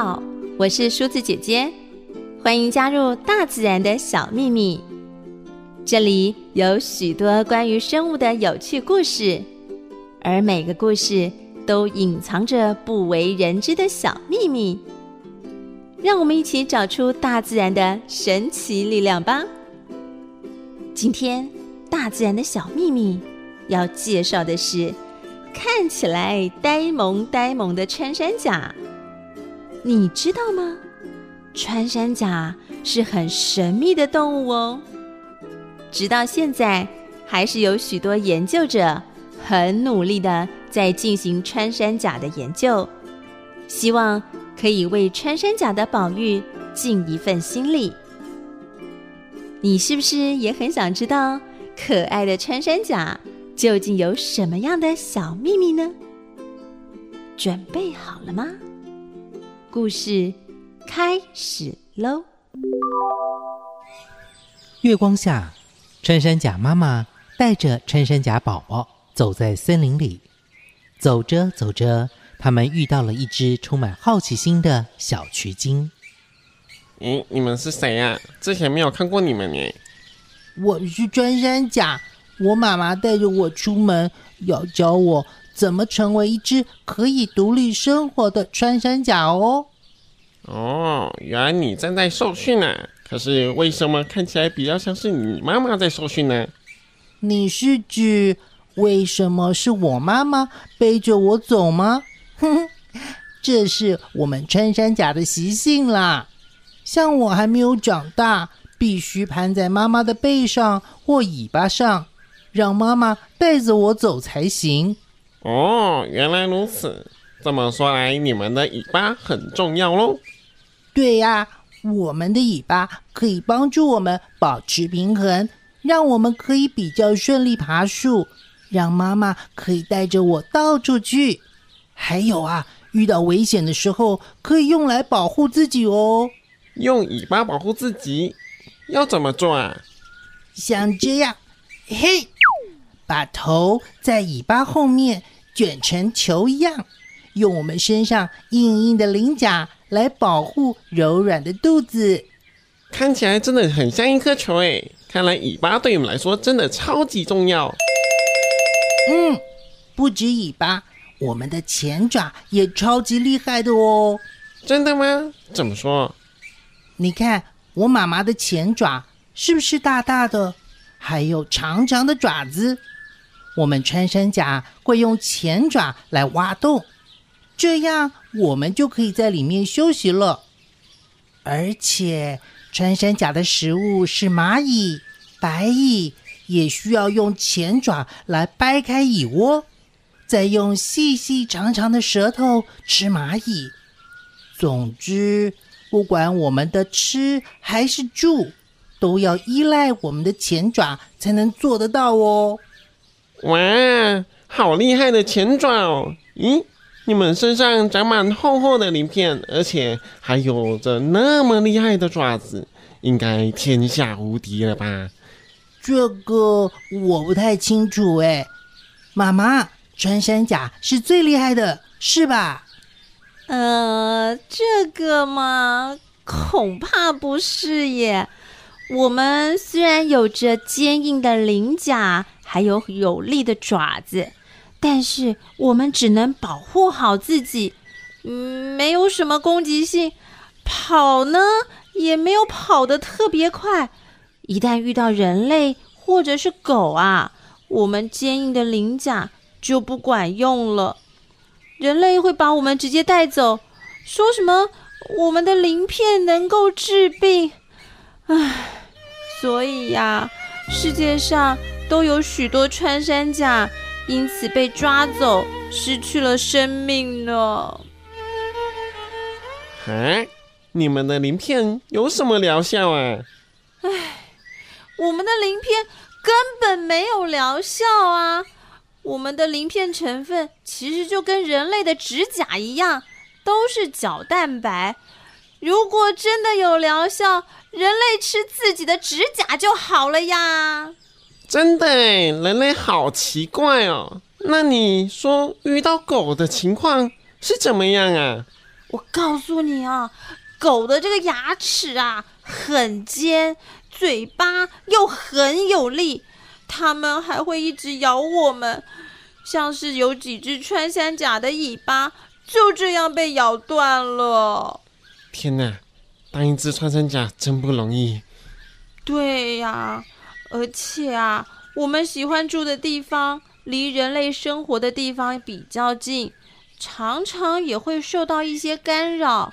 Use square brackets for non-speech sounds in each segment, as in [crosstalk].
好，我是梳子姐姐，歡迎加入《大自然的小秘密》。這裡有許多關於生物的有趣故事，而每個故事都隱藏着不為人知的小秘密。讓我們一起找出大自然的神奇力量吧！今天，《大自然的小秘密》要介紹的是看起來呆萌呆萌的穿山甲。你知道嗎？穿山甲是很神秘的動物哦，直到現在還是有許多研究者很努力的在進行穿山甲的研究，希望可以為穿山甲的保育盡一份心力。你是不是也很想知道可愛的穿山甲究竟有什麼樣的小秘密呢？準備好了嗎？故事開始嘍。月光下，穿山甲媽媽帶着穿山甲寶寶走在森林裡。走着走着，他們遇到了一隻充滿好奇心的小鼩鼱。“咦，你們是誰呀？之前沒有看過你們呢。”“我是穿山甲，我媽媽帶着我出門，要教我怎麼成為一隻可以獨立生活的穿山甲哦。”哦，原來你正在受訓呢、啊。可是為什麼看起來比較像是你媽媽在受訓呢？你是指為什麼是我媽媽背着我走嗎？哼哼，這是我們穿山甲的習性啦。像我還沒有長大，必須盤在媽媽的背上或尾巴上，讓媽媽帶着我走才行。哦，原來如此。這麼說來，你們的尾巴很重要嘍。對呀，我們的尾巴可以幫助我們保持平衡，讓我們可以比較順利爬樹，讓媽媽可以帶着我到處去。還有啊，遇到危險的時候可以用來保護自己哦。用尾巴保護自己，要怎麼做啊？像這樣，嘿，把頭在尾巴後面捲成球一樣，用我們身上硬硬的鱗甲。來保護柔軟的肚子，看起來真的很像一顆球哎，欸！看來尾巴對你們來說真的超級重要。嗯，不止尾巴，我們的前爪也超級厲害的哦。真的嗎？怎麼說？你看我媽媽的前爪是不是大大的，還有長長的爪子？我們穿山甲會用前爪來挖洞，這樣。我們就可以在裡面休息了，而且穿山甲的食物是螞蟻、白蟻，也需要用前爪來掰開蟻窩，再用細細長長的舌頭吃螞蟻。總之，不管我們的吃還是住，都要依賴我們的前爪才能做得到哦。哇，好厲害的前爪哦！咦、嗯？你們身上長滿厚厚的鱗片，而且還有着那麼厲害的爪子，應該天下無敵了吧？這個我不太清楚誒。媽媽，穿山甲是最厲害的，是吧？呃，這個嘛，恐怕不是耶。 [laughs] 我們雖然有着堅硬的鱗甲，還有有力的爪子。但是我們只能保護好自己，嗯、沒有什麼攻擊性，跑呢也沒有跑得特別快。一旦遇到人類或者是狗啊，我們堅硬的鱗甲就不管用了。人類會把我們直接帶走，說什麼我們的鱗片能夠治病。唉，所以呀，世界上都有許多穿山甲。因此被抓走，失去了生命呢。哎、啊，你們的鱗片有什麼療效啊？唉，我們的鱗片根本沒有療效啊。我們的鱗片成分其實就跟人類的指甲一樣，都是角蛋白。如果真的有療效，人類吃自己的指甲就好了呀。真的，人類好奇怪哦。那你說遇到狗的情況是怎麼樣啊？我告訴你啊，狗的這個牙齒啊，很尖，嘴巴又很有力，它們還會一直咬我們，像是有幾隻穿山甲的尾巴就這樣被咬斷了。天哪，當一隻穿山甲真不容易。對呀、啊。而且啊，我們喜歡住的地方離人類生活的地方比較近，常常也會受到一些干擾，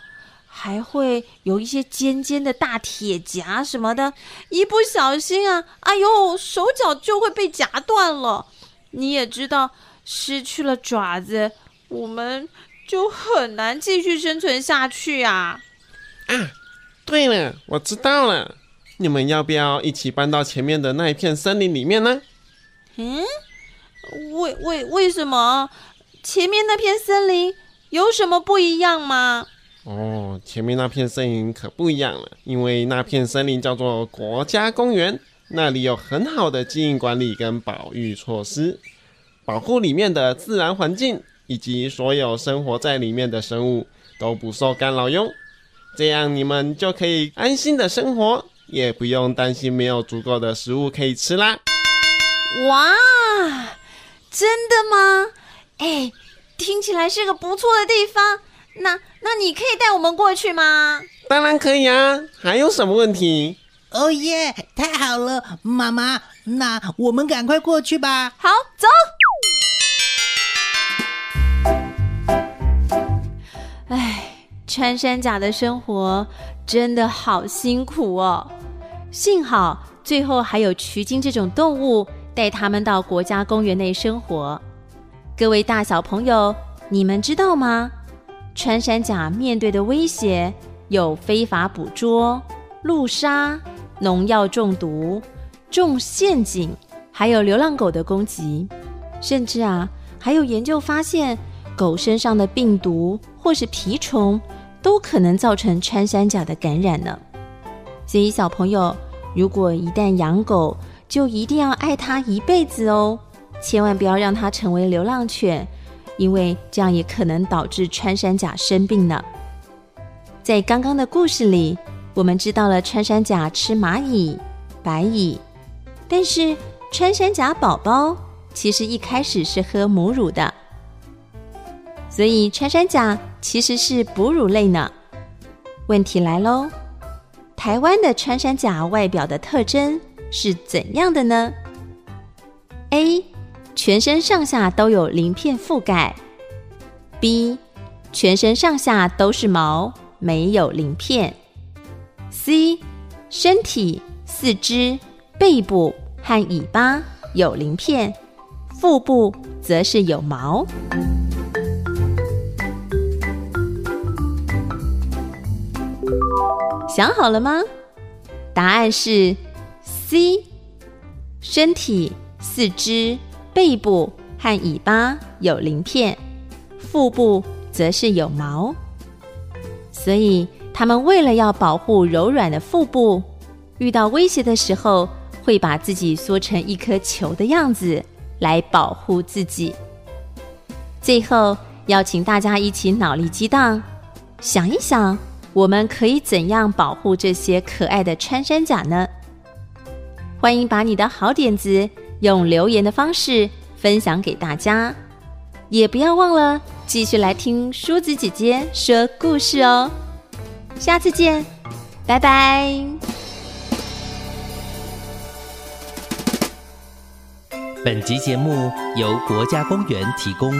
還會有一些尖尖的大鐵夾什麼的，一不小心啊，哎呦，手腳就會被夾斷了。你也知道，失去了爪子，我們就很難繼續生存下去啊！啊，對了，我知道了。你們要不要一起搬到前面的那一片森林裡面呢？嗯？為為為什麼？前面那片森林有什麼不一樣嗎？哦，前面那片森林可不一樣了，因為那片森林叫做國家公園，那裡有很好的經營管理跟保育措施，保護裡面的自然環境以及所有生活在裡面的生物都不受干擾喲，這樣你們就可以安心的生活。也不用擔心沒有足夠的食物可以吃啦。哇，真的嗎？哎，聽起來是個不錯的地方。那那你可以帶我們過去嗎？當然可以啊。還有什麼問題？哦耶，太好了，媽媽。那我們趕快過去吧。好，走。哎，穿山甲的生活真的好辛苦哦。幸好最後還有渠鯨這種動物帶它們到國家公園內生活。各位大小朋友，你們知道嗎？穿山甲面對的威脅有非法捕捉、路殺、農藥中毒、中陷阱，還有流浪狗的攻擊，甚至啊，還有研究發現狗身上的病毒或是蜱蟲都可能造成穿山甲的感染呢。所以小朋友。如果一旦養狗，就一定要愛它一輩子哦，千萬不要讓它成為流浪犬，因為這樣也可能導致穿山甲生病呢。在剛剛的故事裡，我們知道了穿山甲吃螞蟻、白蟻，但是穿山甲寶寶其實一開始是喝母乳的，所以穿山甲其實是哺乳類呢。問題來嘍。台灣的穿山甲外表的特徵是怎樣的呢？A. 全身上下都有鱗片覆蓋。B. 全身上下都是毛，沒有鱗片。C. 身體、四肢、背部和尾巴有鱗片，腹部則是有毛。想好了嗎？答案是 C。身體、四肢、背部和尾巴有鱗片，腹部則是有毛。所以，它們為了要保護柔軟的腹部，遇到威脅的時候，會把自己縮成一顆球的樣子來保護自己。最後，邀請大家一起腦力激盪，想一想。我們可以怎樣保護這些可愛的穿山甲呢？歡迎把你的好點子用留言的方式分享給大家，也不要忘了繼續來聽梳子姐姐說故事哦。下次見，拜拜。本集節目由國家公園提供。